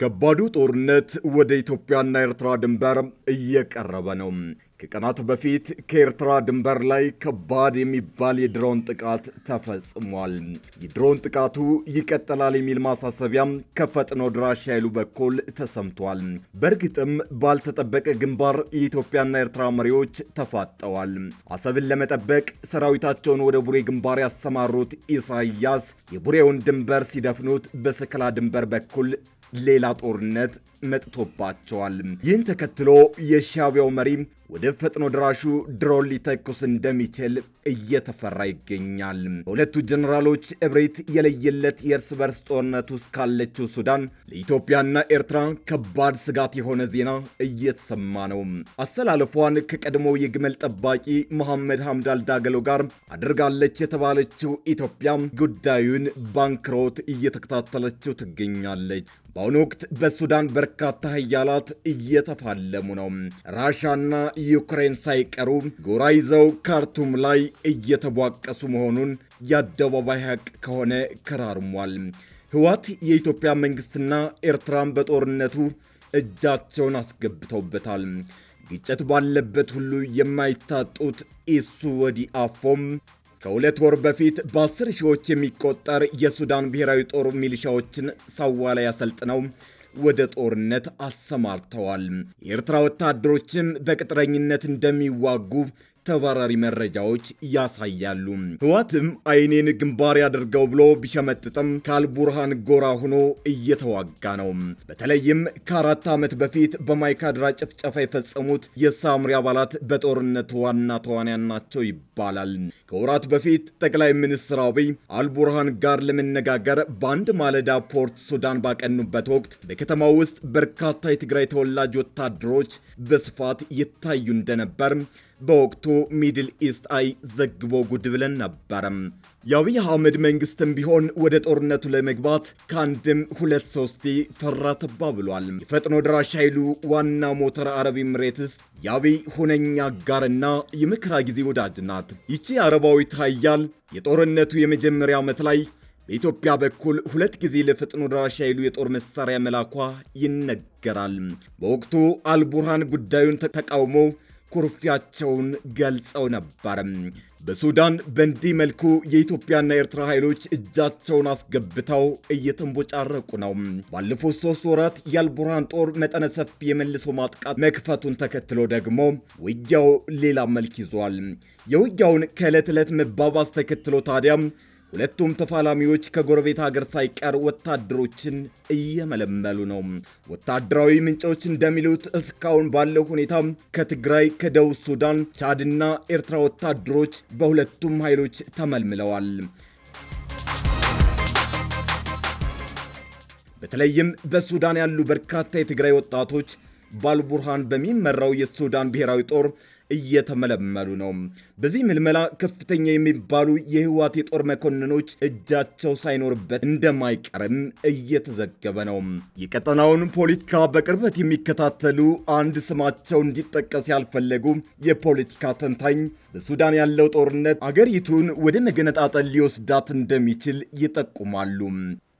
ከባዱ ጦርነት ወደ ኢትዮጵያና ኤርትራ ድንበር እየቀረበ ነው። ከቀናት በፊት ከኤርትራ ድንበር ላይ ከባድ የሚባል የድሮን ጥቃት ተፈጽሟል። የድሮን ጥቃቱ ይቀጥላል የሚል ማሳሰቢያም ከፈጥኖ ድራሽ ኃይሉ በኩል ተሰምቷል። በእርግጥም ባልተጠበቀ ግንባር የኢትዮጵያና ኤርትራ መሪዎች ተፋጠዋል። አሰብን ለመጠበቅ ሰራዊታቸውን ወደ ቡሬ ግንባር ያሰማሩት ኢሳያስ የቡሬውን ድንበር ሲደፍኑት በሰከላ ድንበር በኩል ሌላ ጦርነት መጥቶባቸዋል። ይህን ተከትሎ የሻቢያው መሪ ወደ ፈጥኖ ድራሹ ድሮን ሊተኩስ እንደሚችል እየተፈራ ይገኛል። በሁለቱ ጀኔራሎች እብሪት የለየለት የእርስ በርስ ጦርነት ውስጥ ካለችው ሱዳን ለኢትዮጵያና ኤርትራ ከባድ ስጋት የሆነ ዜና እየተሰማ ነው። አሰላለፏን ከቀድሞው የግመል ጠባቂ መሐመድ ሐምዳል ዳገሎ ጋር አድርጋለች የተባለችው ኢትዮጵያ ጉዳዩን ባንክሮት እየተከታተለችው ትገኛለች። በአሁኑ ወቅት በሱዳን በርካታ ሀያላት እየተፋለሙ ነው። ራሻና ዩክሬን ሳይቀሩ ጎራ ይዘው ካርቱም ላይ እየተቧቀሱ መሆኑን የአደባባይ ሀቅ ከሆነ ከራርሟል። ህዋት የኢትዮጵያ መንግስትና ኤርትራን በጦርነቱ እጃቸውን አስገብተውበታል። ግጭት ባለበት ሁሉ የማይታጡት ኢሱ ወዲ አፎም ከሁለት ወር በፊት በአስር ሺዎች የሚቆጠር የሱዳን ብሔራዊ ጦር ሚሊሻዎችን ሳዋ ላይ አሰልጥነው ወደ ጦርነት አሰማርተዋል። የኤርትራ ወታደሮችም በቅጥረኝነት እንደሚዋጉ ተባራሪ መረጃዎች ያሳያሉ። ህዋትም አይኔን ግንባር ያድርገው ብሎ ቢሸመጥጥም ከአልቡርሃን ጎራ ሆኖ እየተዋጋ ነው። በተለይም ከአራት ዓመት በፊት በማይካድራ ጭፍጨፋ የፈጸሙት የሳምሪ አባላት በጦርነት ዋና ተዋንያን ናቸው ይባላል። ከወራት በፊት ጠቅላይ ሚኒስትር አብይ አልቡርሃን ጋር ለመነጋገር በአንድ ማለዳ ፖርት ሱዳን ባቀኑበት ወቅት በከተማ ውስጥ በርካታ የትግራይ ተወላጅ ወታደሮች በስፋት ይታዩ እንደነበር በወቅቱ ሚድል ኢስት አይ ዘግቦ ጉድ ብለን ነበረም። የአብይ አህመድ መንግስትም ቢሆን ወደ ጦርነቱ ለመግባት ከአንድም ሁለት ሶስቴ ፈራተባ ብሏል። የፈጥኖ ድራሽ ኃይሉ ዋና ሞተር አረብ ኤምሬትስ የአብይ ሁነኛ አጋርና የመከራ ጊዜ ወዳጅ ናት። ይቺ አረባዊት ኃያል የጦርነቱ የመጀመሪያ ዓመት ላይ በኢትዮጵያ በኩል ሁለት ጊዜ ለፈጥኖ ደራሽ ኃይሉ የጦር መሳሪያ መላኳ ይነገራል። በወቅቱ አልቡርሃን ጉዳዩን ተቃውሞ ኩርፊያቸውን ገልጸው ነበር። በሱዳን በእንዲህ መልኩ የኢትዮጵያና የኤርትራ ኃይሎች እጃቸውን አስገብተው እየተንቦጫረቁ ነው። ባለፉት ሶስት ወራት የአልቡርሃን ጦር መጠነ ሰፊ የመልሶ ማጥቃት መክፈቱን ተከትሎ ደግሞ ውጊያው ሌላ መልክ ይዟል። የውጊያውን ከዕለት ዕለት መባባስ ተከትሎ ታዲያም ሁለቱም ተፋላሚዎች ከጎረቤት ሀገር ሳይቀር ወታደሮችን እየመለመሉ ነው። ወታደራዊ ምንጮች እንደሚሉት እስካሁን ባለው ሁኔታ ከትግራይ፣ ከደቡብ ሱዳን፣ ቻድና ኤርትራ ወታደሮች በሁለቱም ኃይሎች ተመልምለዋል። በተለይም በሱዳን ያሉ በርካታ የትግራይ ወጣቶች ባልቡርሃን በሚመራው የሱዳን ብሔራዊ ጦር እየተመለመሉ ነው። በዚህ ምልመላ ከፍተኛ የሚባሉ የህወሓት የጦር መኮንኖች እጃቸው ሳይኖርበት እንደማይቀርም እየተዘገበ ነው። የቀጠናውን ፖለቲካ በቅርበት የሚከታተሉ አንድ ስማቸው እንዲጠቀስ ያልፈለጉ የፖለቲካ ተንታኝ በሱዳን ያለው ጦርነት አገሪቱን ወደ መገነጣጠል ሊወስዳት እንደሚችል ይጠቁማሉ።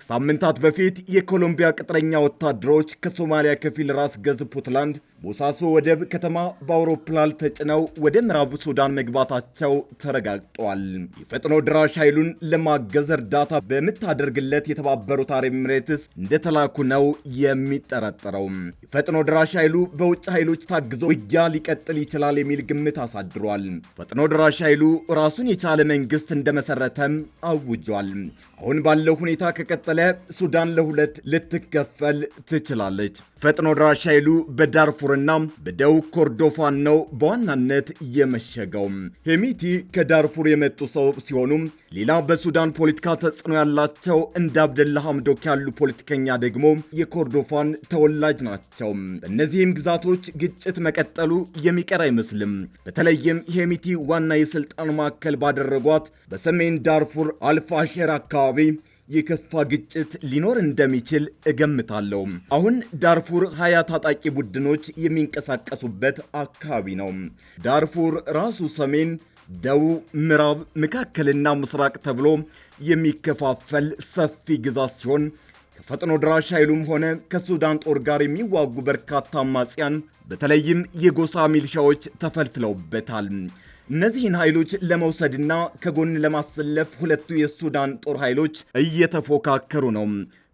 ከሳምንታት በፊት የኮሎምቢያ ቅጥረኛ ወታደሮች ከሶማሊያ ከፊል ራስ ገዝ ፑትላንድ ቦሳሶ ወደብ ከተማ በአውሮፕላን ተጭነው ወደ ምዕራብ ሱዳን መግባታቸው ተረጋግጧል። የፈጥኖ ድራሽ ኃይሉን ለማገዝ እርዳታ በምታደርግለት የተባበሩት አረብ ኤምሬትስ እንደተላኩ ነው የሚጠረጠረው። የፈጥኖ ድራሽ ኃይሉ በውጭ ኃይሎች ታግዞ ውጊያ ሊቀጥል ይችላል የሚል ግምት አሳድሯል። ፈጥኖ ድራሽ ኃይሉ ራሱን የቻለ መንግስት እንደመሰረተም አውጇል። አሁን ባለው ሁኔታ ከቀጠለ ሱዳን ለሁለት ልትከፈል ትችላለች። ፈጥኖ ድራሽ ኃይሉ በዳርፉር ጦርና በደቡብ ኮርዶፋን ነው በዋናነት የመሸገው። ሄሚቲ ከዳርፉር የመጡ ሰው ሲሆኑ ሌላ በሱዳን ፖለቲካ ተጽዕኖ ያላቸው እንደ አብደላ ሐምዶክ ያሉ ፖለቲከኛ ደግሞ የኮርዶፋን ተወላጅ ናቸው። በእነዚህም ግዛቶች ግጭት መቀጠሉ የሚቀር አይመስልም። በተለይም ሄሚቲ ዋና የስልጣን ማዕከል ባደረጓት በሰሜን ዳርፉር አልፋሼር አካባቢ የከፋ ግጭት ሊኖር እንደሚችል እገምታለሁ። አሁን ዳርፉር ሀያ ታጣቂ ቡድኖች የሚንቀሳቀሱበት አካባቢ ነው። ዳርፉር ራሱ ሰሜን፣ ደቡብ፣ ምዕራብ፣ መካከልና ምስራቅ ተብሎ የሚከፋፈል ሰፊ ግዛት ሲሆን ከፈጥኖ ድራሽ ኃይሉም ሆነ ከሱዳን ጦር ጋር የሚዋጉ በርካታ አማጽያን በተለይም የጎሳ ሚልሻዎች ተፈልፍለውበታል። እነዚህን ኃይሎች ለመውሰድና ከጎን ለማሰለፍ ሁለቱ የሱዳን ጦር ኃይሎች እየተፎካከሩ ነው።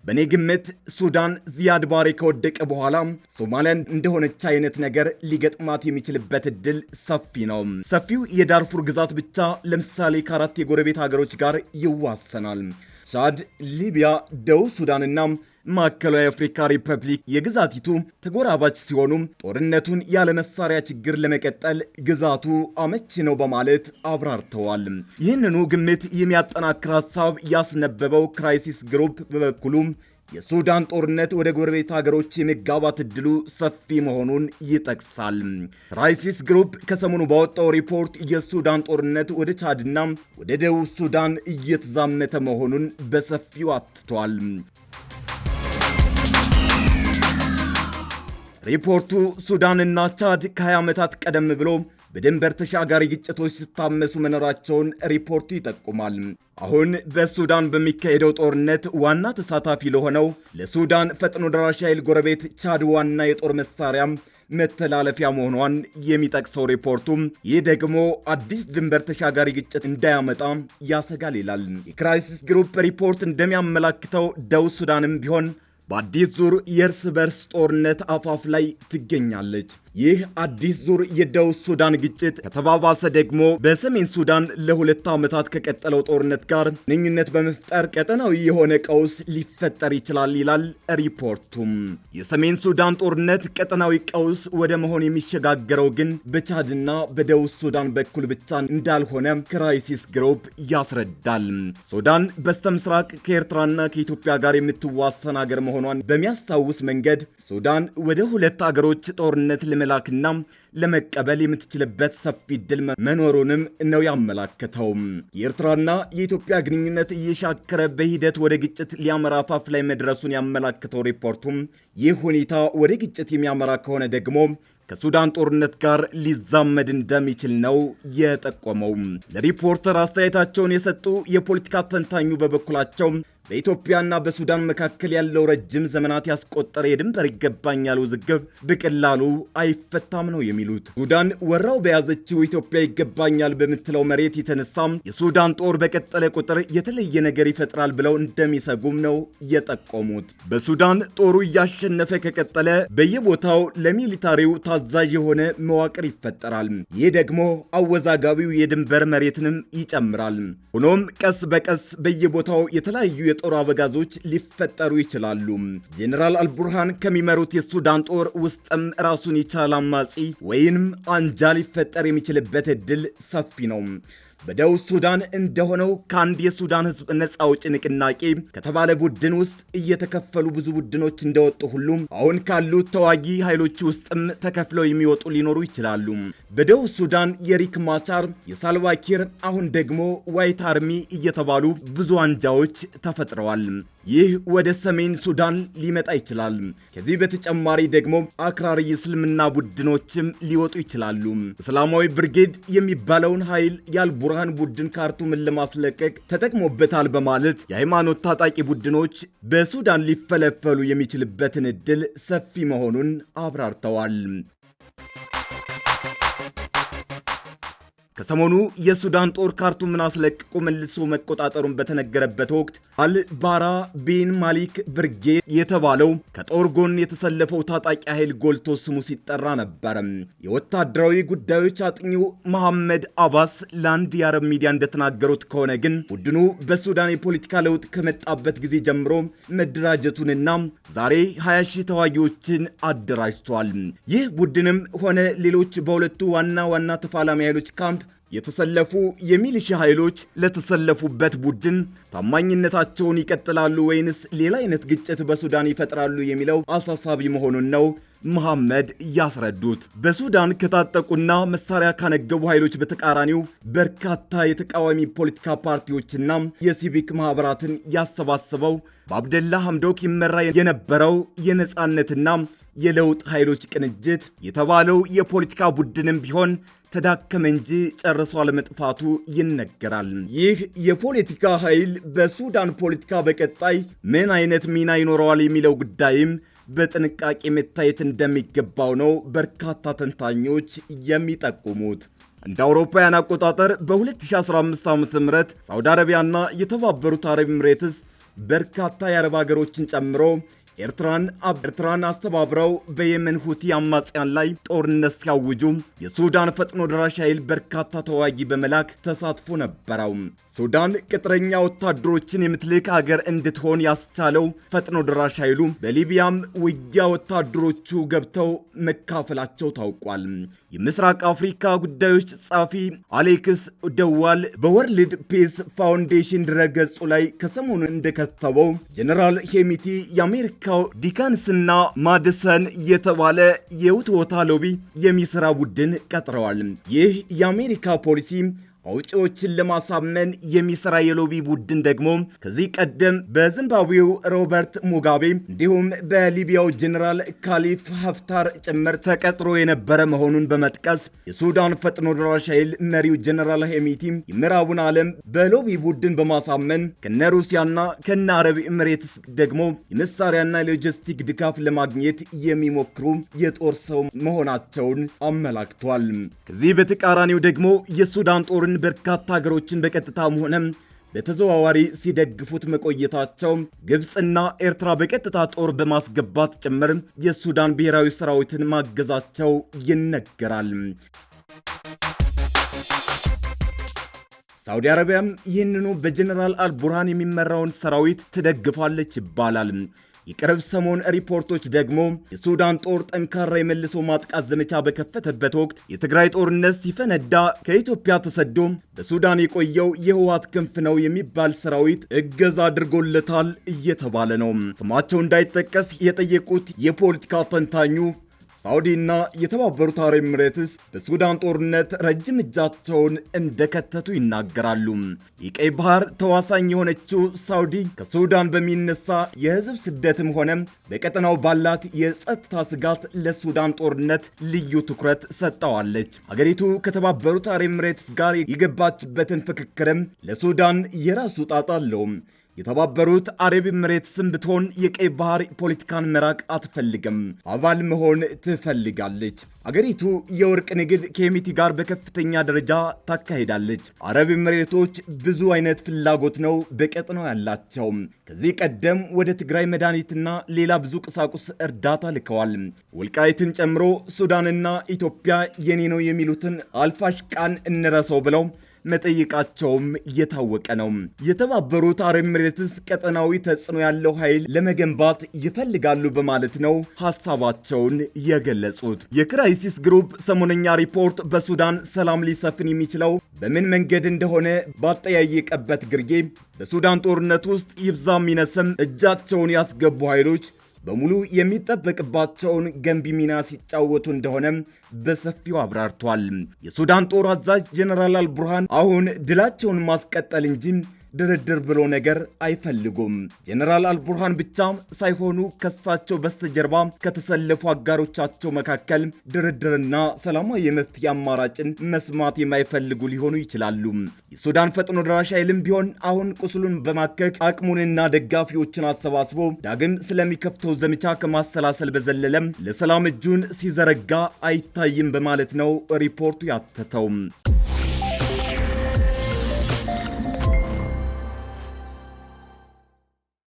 በእኔ ግምት ሱዳን ዚያድ ባሬ ከወደቀ በኋላ ሶማሊያ እንደሆነች አይነት ነገር ሊገጥማት የሚችልበት እድል ሰፊ ነው። ሰፊው የዳርፉር ግዛት ብቻ ለምሳሌ ከአራት የጎረቤት ሀገሮች ጋር ይዋሰናል። ቻድ፣ ሊቢያ፣ ደቡብ ሱዳንና ማዕከላዊ አፍሪካ ሪፐብሊክ የግዛቲቱ ተጎራባች ሲሆኑ ጦርነቱን ያለ መሳሪያ ችግር ለመቀጠል ግዛቱ አመቺ ነው በማለት አብራርተዋል። ይህንኑ ግምት የሚያጠናክር ሀሳብ ያስነበበው ክራይሲስ ግሩፕ በበኩሉ የሱዳን ጦርነት ወደ ጎረቤት ሀገሮች የመጋባት እድሉ ሰፊ መሆኑን ይጠቅሳል። ክራይሲስ ግሩፕ ከሰሞኑ ባወጣው ሪፖርት የሱዳን ጦርነት ወደ ቻድና ወደ ደቡብ ሱዳን እየተዛመተ መሆኑን በሰፊው አትቷል። ሪፖርቱ ሱዳንና ቻድ ከ20 ዓመታት ቀደም ብሎ በድንበር ተሻጋሪ ግጭቶች ሲታመሱ መኖራቸውን ሪፖርቱ ይጠቁማል። አሁን በሱዳን በሚካሄደው ጦርነት ዋና ተሳታፊ ለሆነው ለሱዳን ፈጥኖ ደራሽ ኃይል ጎረቤት ቻድ ዋና የጦር መሳሪያም መተላለፊያ መሆኗን የሚጠቅሰው ሪፖርቱም ይህ ደግሞ አዲስ ድንበር ተሻጋሪ ግጭት እንዳያመጣ ያሰጋል ይላል። የክራይሲስ ግሩፕ ሪፖርት እንደሚያመላክተው ደቡብ ሱዳንም ቢሆን በአዲስ ዙር የእርስ በርስ ጦርነት አፋፍ ላይ ትገኛለች። ይህ አዲስ ዙር የደቡብ ሱዳን ግጭት ከተባባሰ ደግሞ በሰሜን ሱዳን ለሁለት ዓመታት ከቀጠለው ጦርነት ጋር ግንኙነት በመፍጠር ቀጠናዊ የሆነ ቀውስ ሊፈጠር ይችላል ይላል ሪፖርቱም። የሰሜን ሱዳን ጦርነት ቀጠናዊ ቀውስ ወደ መሆን የሚሸጋገረው ግን በቻድና በደቡብ ሱዳን በኩል ብቻ እንዳልሆነ ክራይሲስ ግሮፕ ያስረዳል። ሱዳን በስተምስራቅ ከኤርትራና ከኢትዮጵያ ጋር የምትዋሰን አገር መሆኗን በሚያስታውስ መንገድ ሱዳን ወደ ሁለት አገሮች ጦርነት ለመላክና ለመቀበል የምትችልበት ሰፊ እድል መኖሩንም ነው ያመላከተው። የኤርትራና የኢትዮጵያ ግንኙነት እየሻከረ በሂደት ወደ ግጭት ሊያመራ አፋፍ ላይ መድረሱን ያመላከተው ሪፖርቱም ይህ ሁኔታ ወደ ግጭት የሚያመራ ከሆነ ደግሞ ከሱዳን ጦርነት ጋር ሊዛመድ እንደሚችል ነው የጠቆመው። ለሪፖርተር አስተያየታቸውን የሰጡ የፖለቲካ ተንታኙ በበኩላቸው በኢትዮጵያና በሱዳን መካከል ያለው ረጅም ዘመናት ያስቆጠረ የድንበር ይገባኛል ውዝግብ በቀላሉ አይፈታም ነው የሚሉት። ሱዳን ወራው በያዘችው ኢትዮጵያ ይገባኛል በምትለው መሬት የተነሳም የሱዳን ጦር በቀጠለ ቁጥር የተለየ ነገር ይፈጥራል ብለው እንደሚሰጉም ነው የጠቆሙት። በሱዳን ጦሩ እያሸነፈ ከቀጠለ በየቦታው ለሚሊታሪው ታዛዥ የሆነ መዋቅር ይፈጠራል። ይህ ደግሞ አወዛጋቢው የድንበር መሬትንም ይጨምራል። ሆኖም ቀስ በቀስ በየቦታው የተለያዩ የጦር አበጋዞች ሊፈጠሩ ይችላሉ። ጄኔራል አልቡርሃን ከሚመሩት የሱዳን ጦር ውስጥም ራሱን የቻለ አማጺ ወይንም አንጃ ሊፈጠር የሚችልበት እድል ሰፊ ነው። በደቡብ ሱዳን እንደሆነው ከአንድ የሱዳን ህዝብ ነጻ አውጪ ንቅናቄ ከተባለ ቡድን ውስጥ እየተከፈሉ ብዙ ቡድኖች እንደወጡ ሁሉም አሁን ካሉት ተዋጊ ኃይሎች ውስጥም ተከፍለው የሚወጡ ሊኖሩ ይችላሉ። በደቡብ ሱዳን የሪክ ማቻር የሳልቫኪር አሁን ደግሞ ዋይት አርሚ እየተባሉ ብዙ አንጃዎች ተፈጥረዋል። ይህ ወደ ሰሜን ሱዳን ሊመጣ ይችላል። ከዚህ በተጨማሪ ደግሞ አክራሪ የእስልምና ቡድኖችም ሊወጡ ይችላሉ። እስላማዊ ብርጌድ የሚባለውን ኃይል የአልቡርሃን ቡድን ካርቱምን ለማስለቀቅ ተጠቅሞበታል በማለት የሃይማኖት ታጣቂ ቡድኖች በሱዳን ሊፈለፈሉ የሚችልበትን ዕድል ሰፊ መሆኑን አብራርተዋል። ከሰሞኑ የሱዳን ጦር ካርቱምን አስለቅቆ መልሶ መቆጣጠሩን በተነገረበት ወቅት አልባራ ቤን ማሊክ ብርጌድ የተባለው ከጦር ጎን የተሰለፈው ታጣቂ ኃይል ጎልቶ ስሙ ሲጠራ ነበር። የወታደራዊ ጉዳዮች አጥኚው መሐመድ አባስ ለአንድ የአረብ ሚዲያ እንደተናገሩት ከሆነ ግን ቡድኑ በሱዳን የፖለቲካ ለውጥ ከመጣበት ጊዜ ጀምሮ መደራጀቱንና ዛሬ 20 ሺህ ተዋጊዎችን አደራጅቷል። ይህ ቡድንም ሆነ ሌሎች በሁለቱ ዋና ዋና ተፋላሚ ኃይሎች ካምፕ የተሰለፉ የሚሊሻ ኃይሎች ለተሰለፉበት ቡድን ታማኝነታቸውን ይቀጥላሉ ወይንስ ሌላ አይነት ግጭት በሱዳን ይፈጥራሉ የሚለው አሳሳቢ መሆኑን ነው መሐመድ ያስረዱት። በሱዳን ከታጠቁና መሳሪያ ካነገቡ ኃይሎች በተቃራኒው በርካታ የተቃዋሚ ፖለቲካ ፓርቲዎችና የሲቪክ ማኅበራትን ያሰባስበው በአብደላ ሐምዶክ ይመራ የነበረው የነጻነትና የለውጥ ኃይሎች ቅንጅት የተባለው የፖለቲካ ቡድንም ቢሆን ተዳከመ እንጂ ጨርሶ አለመጥፋቱ ይነገራል። ይህ የፖለቲካ ኃይል በሱዳን ፖለቲካ በቀጣይ ምን አይነት ሚና ይኖረዋል የሚለው ጉዳይም በጥንቃቄ መታየት እንደሚገባው ነው በርካታ ተንታኞች የሚጠቁሙት። እንደ አውሮፓውያን አቆጣጠር በ2015 ዓ ም ሳውዲ አረቢያና የተባበሩት አረብ ኤምሬትስ በርካታ የአረብ ሀገሮችን ጨምሮ ኤርትራን ኤርትራን አስተባብረው በየመን ሁቲ አማጽያን ላይ ጦርነት ሲያውጁ የሱዳን ፈጥኖ ደራሽ ኃይል በርካታ ተዋጊ በመላክ ተሳትፎ ነበረው። ሱዳን ቅጥረኛ ወታደሮችን የምትልክ ሀገር እንድትሆን ያስቻለው ፈጥኖ ደራሽ ኃይሉ በሊቢያም ውጊያ ወታደሮቹ ገብተው መካፈላቸው ታውቋል። የምስራቅ አፍሪካ ጉዳዮች ጸሐፊ አሌክስ ደዋል በወርልድ ፔስ ፋውንዴሽን ድረገጹ ላይ ከሰሞኑ እንደከተበው ጀነራል ሄሚቲ የአሜሪካው ዲካንስና ማድሰን የተባለ የውትወታ ሎቢ የሚሰራ ቡድን ቀጥረዋል። ይህ የአሜሪካ ፖሊሲ አውጪዎችን ለማሳመን የሚሰራ የሎቢ ቡድን ደግሞ ከዚህ ቀደም በዚምባብዌው ሮበርት ሙጋቤ እንዲሁም በሊቢያው ጀኔራል ካሊፍ ሀፍታር ጭምር ተቀጥሮ የነበረ መሆኑን በመጥቀስ የሱዳን ፈጥኖ ደራሽ ኃይል መሪው ጀኔራል ሄሚቲ የምዕራቡን ዓለም በሎቢ ቡድን በማሳመን ከነ ሩሲያና ከነ አረብ ኤምሬትስ ደግሞ የመሳሪያና ሎጂስቲክ ድጋፍ ለማግኘት የሚሞክሩ የጦር ሰው መሆናቸውን አመላክቷል። ከዚህ በተቃራኒው ደግሞ የሱዳን ጦርን በርካታ ሀገሮችን በቀጥታም ሆነ በተዘዋዋሪ ሲደግፉት መቆየታቸው ግብፅና ኤርትራ በቀጥታ ጦር በማስገባት ጭምር የሱዳን ብሔራዊ ሰራዊትን ማገዛቸው ይነገራል። ሳውዲ አረቢያም ይህንኑ በጀኔራል አልቡርሃን የሚመራውን ሰራዊት ትደግፋለች ይባላል። የቅርብ ሰሞን ሪፖርቶች ደግሞ የሱዳን ጦር ጠንካራ የመልሶ ማጥቃት ዘመቻ በከፈተበት ወቅት የትግራይ ጦርነት ሲፈነዳ ከኢትዮጵያ ተሰዶ በሱዳን የቆየው የህወሓት ክንፍ ነው የሚባል ሰራዊት እገዛ አድርጎለታል እየተባለ ነው። ስማቸው እንዳይጠቀስ የጠየቁት የፖለቲካ ተንታኙ ሳዑዲና የተባበሩት አረብ ኤምሬትስ በሱዳን ጦርነት ረጅም እጃቸውን እንደከተቱ ይናገራሉ። የቀይ ባህር ተዋሳኝ የሆነችው ሳውዲ ከሱዳን በሚነሳ የህዝብ ስደትም ሆነ በቀጠናው ባላት የጸጥታ ስጋት ለሱዳን ጦርነት ልዩ ትኩረት ሰጠዋለች። አገሪቱ ከተባበሩት አረብ ኤምሬትስ ጋር የገባችበትን ፍክክርም ለሱዳን የራሱ ጣጣ አለው። የተባበሩት አረብ ኤምሬትስም ብትሆን የቀይ ባህር ፖለቲካን መራቅ አትፈልግም፣ አባል መሆን ትፈልጋለች። አገሪቱ የወርቅ ንግድ ከሄሜቲ ጋር በከፍተኛ ደረጃ ታካሂዳለች። አረብ ኤምሬቶች ብዙ አይነት ፍላጎት ነው በቀጥነው ያላቸው። ከዚህ ቀደም ወደ ትግራይ መድኃኒትና ሌላ ብዙ ቁሳቁስ እርዳታ ልከዋል። ወልቃይትን ጨምሮ ሱዳንና ኢትዮጵያ የኔ ነው የሚሉትን አልፋሽቃን እንረሰው ብለው መጠየቃቸውም እየታወቀ ነው። የተባበሩት አረብ ኤሚሬትስ ቀጠናዊ ተጽዕኖ ያለው ኃይል ለመገንባት ይፈልጋሉ በማለት ነው ሀሳባቸውን የገለጹት። የክራይሲስ ግሩፕ ሰሞነኛ ሪፖርት በሱዳን ሰላም ሊሰፍን የሚችለው በምን መንገድ እንደሆነ ባጠያየቀበት ግርጌ በሱዳን ጦርነት ውስጥ ይብዛም ይነስም እጃቸውን ያስገቡ ኃይሎች በሙሉ የሚጠበቅባቸውን ገንቢ ሚና ሲጫወቱ እንደሆነ በሰፊው አብራርቷል። የሱዳን ጦር አዛዥ ጀነራል አልቡርሃን አሁን ድላቸውን ማስቀጠል እንጂ ድርድር ብሎ ነገር አይፈልጉም። ጀነራል አልቡርሃን ብቻ ሳይሆኑ ከሳቸው በስተጀርባ ከተሰለፉ አጋሮቻቸው መካከል ድርድርና ሰላማዊ የመፍትሄ አማራጭን መስማት የማይፈልጉ ሊሆኑ ይችላሉ። የሱዳን ፈጥኖ ደራሽ ኃይልም ቢሆን አሁን ቁስሉን በማከክ አቅሙንና ደጋፊዎችን አሰባስቦ ዳግም ስለሚከፍተው ዘመቻ ከማሰላሰል በዘለለም ለሰላም እጁን ሲዘረጋ አይታይም በማለት ነው ሪፖርቱ ያተተው።